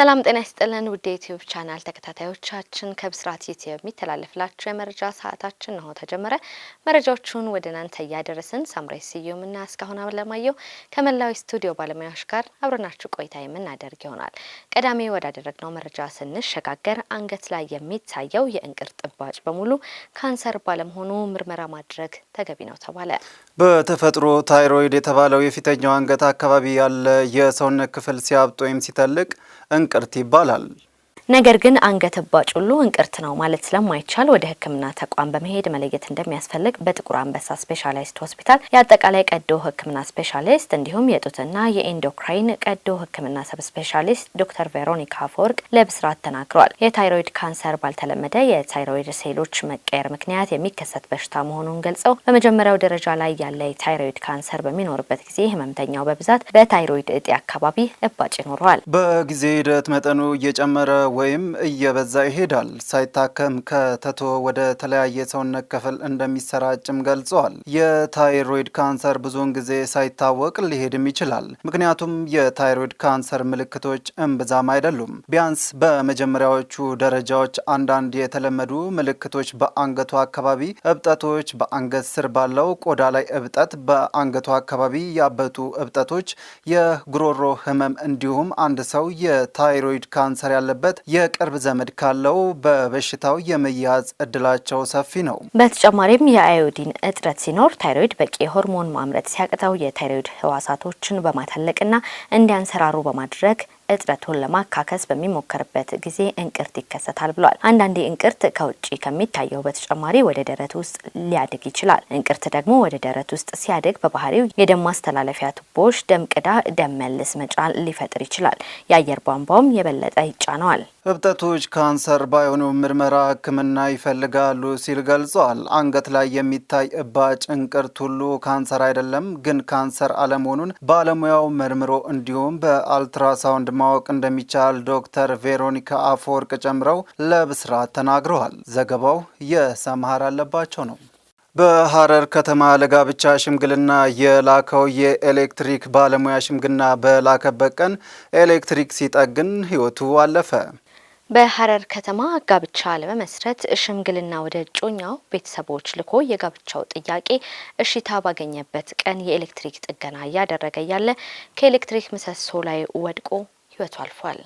ሰላም ጤና ይስጥልን ውድ የዩትዩብ ቻናል ተከታታዮቻችን ከብስራት ዩትዩብ የሚተላለፍላችሁ የመረጃ ሰዓታችን ነው ተጀመረ። መረጃዎቹን ወደ እናንተ እያደረስን ሳምራይ ስዩምና እስካሁን አለማየሁ ከመላው ስቱዲዮ ባለሙያዎች ጋር አብረናችሁ ቆይታ የምናደርግ ይሆናል። ቀዳሚ ወዳደረግነው መረጃ ስንሸጋገር አንገት ላይ የሚታየው የእንቅር ጥባጭ በሙሉ ካንሰር ባለመሆኑ ምርመራ ማድረግ ተገቢ ነው ተባለ። በተፈጥሮ ታይሮይድ የተባለው የፊተኛው አንገት አካባቢ ያለ የሰውነት ክፍል ሲያብጥ ወይም ሲተልቅ انكرتي بالال ነገር ግን አንገት ሁሉ እንቅርት ነው ማለት ስለማይቻል ወደ ሕክምና ተቋም በመሄድ መለየት እንደሚያስፈልግ በጥቁር አንበሳ ስፔሻላይስት ሆስፒታል የአጠቃላይ ቀዶ ሕክምና ስፔሻሊስት እንዲሁም የጡትና የኢንዶክራይን ቀዶ ሕክምና ሰብ ስፔሻሊስት ዶክተር ቬሮኒካ አፈወርቅ ለብስራት ተናግረዋል። የታይሮይድ ካንሰር ባልተለመደ የታይሮይድ ሴሎች መቀየር ምክንያት የሚከሰት በሽታ መሆኑን ገልጸው በመጀመሪያው ደረጃ ላይ ያለ የታይሮይድ ካንሰር በሚኖርበት ጊዜ ህመምተኛው በብዛት በታይሮይድ እጢ አካባቢ እባጭ ይኖረዋል። በጊዜ ሂደት መጠኑ እየጨመረ ወይም እየበዛ ይሄዳል። ሳይታከም ከተቶ ወደ ተለያየ ሰውነት ክፍል እንደሚሰራጭም ገልጸዋል። የታይሮይድ ካንሰር ብዙውን ጊዜ ሳይታወቅ ሊሄድም ይችላል። ምክንያቱም የታይሮይድ ካንሰር ምልክቶች እምብዛም አይደሉም። ቢያንስ በመጀመሪያዎቹ ደረጃዎች አንዳንድ የተለመዱ ምልክቶች በአንገቱ አካባቢ እብጠቶች፣ በአንገት ስር ባለው ቆዳ ላይ እብጠት፣ በአንገቱ አካባቢ ያበጡ እብጠቶች፣ የጉሮሮ ህመም እንዲሁም አንድ ሰው የታይሮይድ ካንሰር ያለበት የቅርብ ዘመድ ካለው በበሽታው የመያዝ እድላቸው ሰፊ ነው። በተጨማሪም የአዮዲን እጥረት ሲኖር ታይሮይድ በቂ የሆርሞን ማምረት ሲያቅተው የታይሮይድ ህዋሳቶችን በማታለቅና እንዲያንሰራሩ በማድረግ እጥረቱን ለማካከስ በሚሞከርበት ጊዜ እንቅርት ይከሰታል ብሏል። አንዳንዴ እንቅርት ከውጭ ከሚታየው በተጨማሪ ወደ ደረት ውስጥ ሊያድግ ይችላል። እንቅርት ደግሞ ወደ ደረት ውስጥ ሲያድግ በባህሪው የደም ማስተላለፊያ ቱቦዎች ደም ቅዳ ደም መልስ መጫን ሊፈጥር ይችላል። የአየር ቧንቧውም የበለጠ ይጫነዋል። እብጠቶች ካንሰር ባይሆኑ ምርመራ፣ ሕክምና ይፈልጋሉ ሲል ገልጿል። አንገት ላይ የሚታይ እባጭ እንቅርት ሁሉ ካንሰር አይደለም፣ ግን ካንሰር አለመሆኑን ባለሙያው መርምሮ እንዲሁም በአልትራሳውንድ ማወቅ እንደሚቻል ዶክተር ቬሮኒካ አፈወርቅ ጨምረው ለብስራት ተናግረዋል። ዘገባው የሰምሃር አለባቸው ነው። በሐረር ከተማ ለጋብቻ ሽምግልና የላከው የኤሌክትሪክ ባለሙያ ሽምግልና በላከበት ቀን ኤሌክትሪክ ሲጠግን ሕይወቱ አለፈ። በሐረር ከተማ ጋብቻ ለመመስረት ሽምግልና ወደ እጮኛው ቤተሰቦች ልኮ የጋብቻው ጥያቄ እሽታ ባገኘበት ቀን የኤሌክትሪክ ጥገና እያደረገ ያለ ከኤሌክትሪክ ምሰሶ ላይ ወድቆ ህይወቱ አልፏል።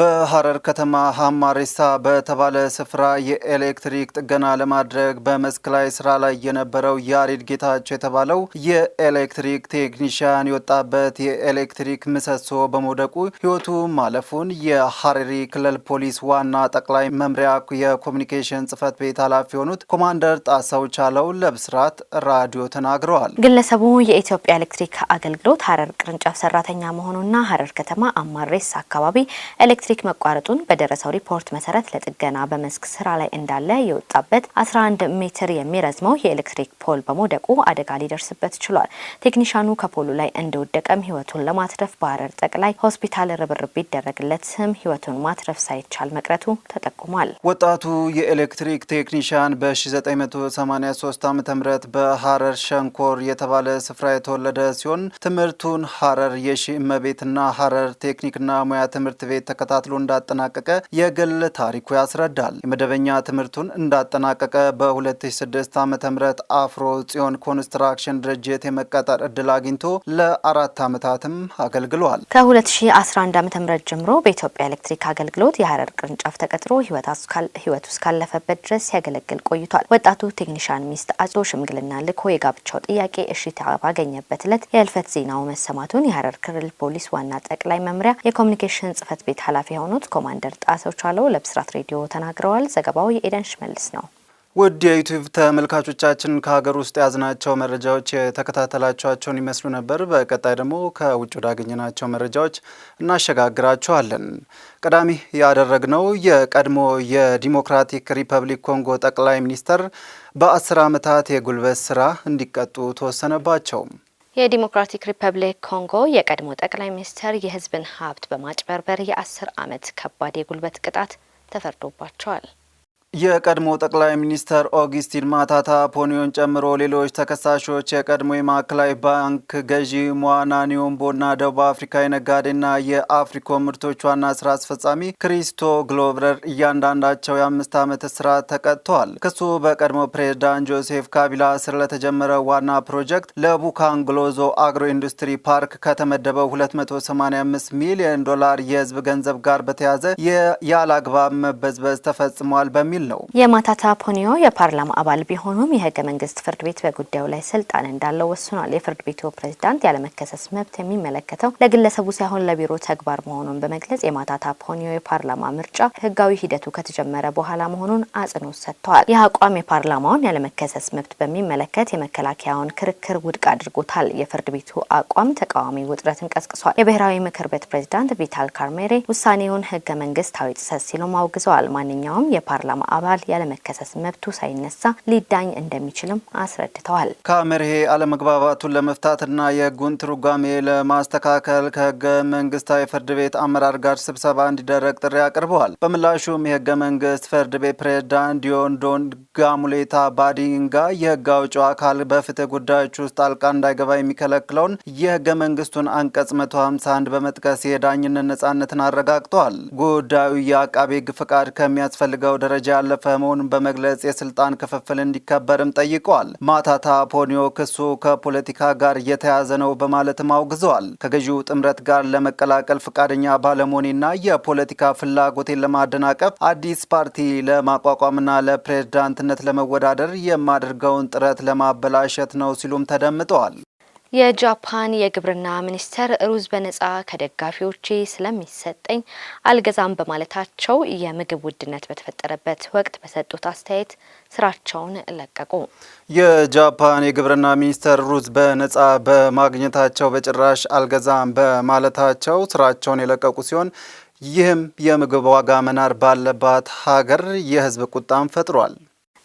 በሐረር ከተማ ሀማሬሳ በተባለ ስፍራ የኤሌክትሪክ ጥገና ለማድረግ በመስክ ላይ ስራ ላይ የነበረው ያሬድ ጌታቸው የተባለው የኤሌክትሪክ ቴክኒሽያን የወጣበት የኤሌክትሪክ ምሰሶ በመውደቁ ሕይወቱ ማለፉን የሐረሪ ክልል ፖሊስ ዋና ጠቅላይ መምሪያ የኮሚኒኬሽን ጽህፈት ቤት ኃላፊ የሆኑት ኮማንደር ጣሰው ቻለው ለብስራት ራዲዮ ተናግረዋል። ግለሰቡ የኢትዮጵያ ኤሌክትሪክ አገልግሎት ሐረር ቅርንጫፍ ሰራተኛ መሆኑና ሐረር ከተማ አማሬሳ አካባቢ ኤሌክትሪክ መቋረጡን በደረሰው ሪፖርት መሰረት ለጥገና በመስክ ስራ ላይ እንዳለ የወጣበት 11 ሜትር የሚረዝመው የኤሌክትሪክ ፖል በመውደቁ አደጋ ሊደርስበት ችሏል። ቴክኒሻኑ ከፖሉ ላይ እንደወደቀም ህይወቱን ለማትረፍ በሐረር ጠቅላይ ሆስፒታል ርብርብ ቢደረግለትም ህይወቱን ማትረፍ ሳይቻል መቅረቱ ተጠቁሟል። ወጣቱ የኤሌክትሪክ ቴክኒሻን በ1983 ዓ ም በሀረር ሸንኮር የተባለ ስፍራ የተወለደ ሲሆን ትምህርቱን ሀረር የሺ እመቤትና ሀረር ቴክኒክና ሙያ ትምህርት ቤት ተከታ ተከታትሎ እንዳጠናቀቀ የግል ታሪኩ ያስረዳል። የመደበኛ ትምህርቱን እንዳጠናቀቀ በ2006 ዓ ም አፍሮ ጽዮን ኮንስትራክሽን ድርጅት የመቀጠር እድል አግኝቶ ለአራት ዓመታትም አገልግሏል። ከ2011 ዓ ም ጀምሮ በኢትዮጵያ ኤሌክትሪክ አገልግሎት የሀረር ቅርንጫፍ ተቀጥሮ ህይወቱ እስካለፈበት ድረስ ሲያገለግል ቆይቷል። ወጣቱ ቴክኒሻን ሚስት አጭቶ ሽምግልና ልኮ የጋብቻው ጥያቄ እሽታ ባገኘበት ለት የህልፈት ዜናው መሰማቱን የሀረር ክልል ፖሊስ ዋና ጠቅላይ መምሪያ የኮሚኒኬሽን ጽህፈት ቤት ኃላፊ የሆኑት ኮማንደር ጣሰው ቻለው ለብስራት ሬዲዮ ተናግረዋል። ዘገባው የኤደን ሽመልስ ነው። ውድ የዩቲዩብ ተመልካቾቻችን ከሀገር ውስጥ የያዝናቸው መረጃዎች የተከታተላችኋቸውን ይመስሉ ነበር። በቀጣይ ደግሞ ከውጭ ወዳገኘናቸው መረጃዎች እናሸጋግራችኋለን። ቀዳሚ ያደረግነው የቀድሞ የዲሞክራቲክ ሪፐብሊክ ኮንጎ ጠቅላይ ሚኒስተር በአስር ዓመታት የጉልበት ስራ እንዲቀጡ ተወሰነባቸው። የዲሞክራቲክ ሪፐብሊክ ኮንጎ የቀድሞ ጠቅላይ ሚኒስትር የህዝብን ሀብት በማጭበርበር የአስር ዓመት ከባድ የጉልበት ቅጣት ተፈርዶባቸዋል። የቀድሞ ጠቅላይ ሚኒስተር ኦግስቲን ማታታ ፖኒዮን ጨምሮ ሌሎች ተከሳሾች የቀድሞ የማዕከላዊ ባንክ ገዢ ሟና ኒዮምቦና ደቡብ አፍሪካ የነጋዴና የአፍሪኮ ምርቶች ዋና ስራ አስፈጻሚ ክሪስቶ ግሎቨር እያንዳንዳቸው የአምስት ዓመት እስራት ተቀጥተዋል። ክሱ በቀድሞ ፕሬዝዳንት ጆሴፍ ካቢላ ስር ለተጀመረ ዋና ፕሮጀክት ለቡካንግሎዞ አግሮ ኢንዱስትሪ ፓርክ ከተመደበው 285 ሚሊዮን ዶላር የህዝብ ገንዘብ ጋር በተያያዘ ያለአግባብ መበዝበዝ ተፈጽሟል በሚል የለውም። የማታታ ፖኒዮ የፓርላማ አባል ቢሆኑም የህገ መንግስት ፍርድ ቤት በጉዳዩ ላይ ስልጣን እንዳለው ወስኗል። የፍርድ ቤቱ ፕሬዝዳንት ያለመከሰስ መብት የሚመለከተው ለግለሰቡ ሳይሆን ለቢሮ ተግባር መሆኑን በመግለጽ የማታታ ፖኒዮ የፓርላማ ምርጫ ህጋዊ ሂደቱ ከተጀመረ በኋላ መሆኑን አጽንኦት ሰጥተዋል። ይህ አቋም የፓርላማውን ያለመከሰስ መብት በሚመለከት የመከላከያውን ክርክር ውድቅ አድርጎታል። የፍርድ ቤቱ አቋም ተቃዋሚ ውጥረትን ቀስቅሷል። የብሔራዊ ምክር ቤት ፕሬዝዳንት ቪታል ካርሜሬ ውሳኔውን ህገ መንግስታዊ ጥሰት ሲሉም አውግዘዋል። ማንኛውም የፓርላማ አባል ያለመከሰስ መብቱ ሳይነሳ ሊዳኝ እንደሚችልም አስረድተዋል። ከመርሄ አለመግባባቱን ለመፍታትና የህጉን ትርጓሜ ለማስተካከል ከህገ መንግስታዊ ፍርድ ቤት አመራር ጋር ስብሰባ እንዲደረግ ጥሪ አቅርበዋል። በምላሹም የህገ መንግስት ፍርድ ቤት ፕሬዝዳንት ዲዮንዶን ጋሙሌታ ባዲንጋ የህግ አውጪው አካል በፍትህ ጉዳዮች ውስጥ ጣልቃ እንዳይገባ የሚከለክለውን የህገ መንግስቱን አንቀጽ 151 በመጥቀስ የዳኝነት ነጻነትን አረጋግጠዋል። ጉዳዩ የአቃቤ ህግ ፍቃድ ከሚያስፈልገው ደረጃ የተላለፈ መሆኑን በመግለጽ የስልጣን ክፍፍል እንዲከበርም ጠይቀዋል። ማታታ ፖኒዮ ክሱ ከፖለቲካ ጋር እየተያዘ ነው በማለትም አውግዘዋል። ከገዢው ጥምረት ጋር ለመቀላቀል ፈቃደኛ ባለመሆኔና የፖለቲካ ፍላጎቴን ለማደናቀፍ አዲስ ፓርቲ ለማቋቋምና ለፕሬዝዳንትነት ለመወዳደር የማደርገውን ጥረት ለማበላሸት ነው ሲሉም ተደምጠዋል። የጃፓን የግብርና ሚኒስተር ሩዝ በነጻ ከደጋፊዎቼ ስለሚሰጠኝ አልገዛም በማለታቸው የምግብ ውድነት በተፈጠረበት ወቅት በሰጡት አስተያየት ስራቸውን ለቀቁ። የጃፓን የግብርና ሚኒስተር ሩዝ በነጻ በማግኘታቸው በጭራሽ አልገዛም በማለታቸው ስራቸውን የለቀቁ ሲሆን ይህም የምግብ ዋጋ መናር ባለባት ሀገር የህዝብ ቁጣም ፈጥሯል።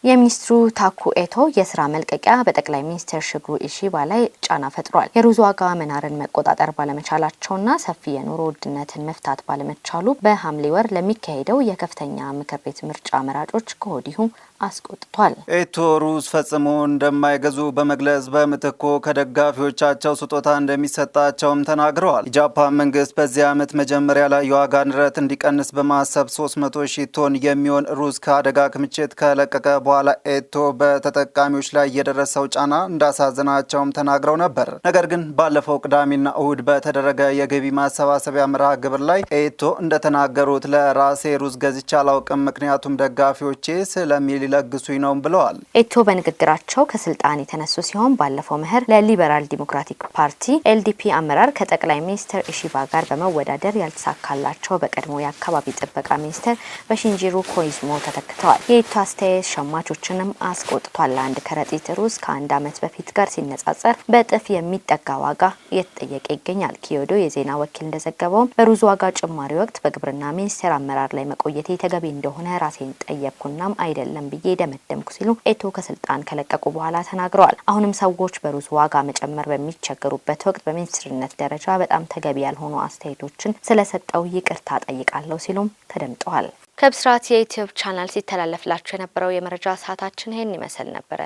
የሚኒስትሩ ታኩ ኤቶ የስራ መልቀቂያ በጠቅላይ ሚኒስትር ሽግሩ ኢሺባ ላይ ጫና ፈጥሯል። የሩዝ ዋጋ መናርን መቆጣጠር ባለመቻላቸውና ሰፊ የኑሮ ውድነትን መፍታት ባለመቻሉ በሐምሌ ወር ለሚካሄደው የከፍተኛ ምክር ቤት ምርጫ መራጮች ከወዲሁ አስቆጥቷል። ኤቶሩ ፈጽሞ እንደማይገዙ በመግለጽ በምትኮ ከደጋፊዎቻቸው ስጦታ እንደሚሰጣቸውም ተናግረዋል። የጃፓን መንግስት በዚህ ዓመት መጀመሪያ ላይ የዋጋ ንረት እንዲቀንስ በማሰብ 300 ሺ ቶን የሚሆን ሩዝ ከአደጋ ክምችት ከለቀቀ በኋላ ኤቶ በተጠቃሚዎች ላይ የደረሰው ጫና እንዳሳዘናቸውም ተናግረው ነበር። ነገር ግን ባለፈው ቅዳሜና እሁድ በተደረገ የገቢ ማሰባሰቢያ መርሃ ግብር ላይ ኤቶ እንደተናገሩት ለራሴ ሩዝ ገዝቼ አላውቅም፣ ምክንያቱም ደጋፊዎቼ ስለሚል ሊለግሱኝ ነው ብለዋል። ኤቶ በንግግራቸው ከስልጣን የተነሱ ሲሆን ባለፈው መኸር ለሊበራል ዲሞክራቲክ ፓርቲ ኤልዲፒ አመራር ከጠቅላይ ሚኒስትር ኢሺባ ጋር በመወዳደር ያልተሳካላቸው በቀድሞ የአካባቢ ጥበቃ ሚኒስትር በሽንጂሩ ኮይዝሞ ተተክተዋል። የኤቶ አስተያየት ሸማቾችንም አስቆጥቷል። ለአንድ ከረጢት ሩዝ ከአንድ ዓመት በፊት ጋር ሲነጻጸር በእጥፍ የሚጠጋ ዋጋ እየተጠየቀ ይገኛል። ኪዮዶ የዜና ወኪል እንደዘገበውም በሩዝ ዋጋ ጭማሪ ወቅት በግብርና ሚኒስቴር አመራር ላይ መቆየቴ ተገቢ እንደሆነ ራሴን ጠየቅኩናም አይደለም ብዬ ደመደምኩ ሲሉ ኤቶ ከስልጣን ከለቀቁ በኋላ ተናግረዋል። አሁንም ሰዎች በሩዝ ዋጋ መጨመር በሚቸገሩበት ወቅት በሚኒስትርነት ደረጃ በጣም ተገቢ ያልሆኑ አስተያየቶችን ስለሰጠው ይቅርታ ጠይቃለሁ ሲሉም ተደምጠዋል። ከብስራት የዩትዩብ ቻናል ሲተላለፍላችሁ የነበረው የመረጃ ሰዓታችን ይህን ይመስል ነበረ።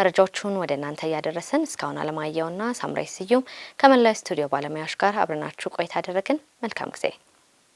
መረጃዎቹን ወደ እናንተ እያደረስን እስካሁን አለማየሁና ሳምራይ ስዩም ከመላው ስቱዲዮ ባለሙያዎች ጋር አብረናችሁ ቆይታ አደረግን። መልካም ጊዜ